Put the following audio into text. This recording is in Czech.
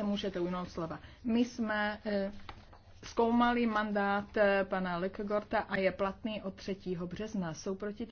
se můžete ujmout slova. My jsme eh, zkoumali mandát eh, pana Lekegorta a je platný od 3. března. Jsou proti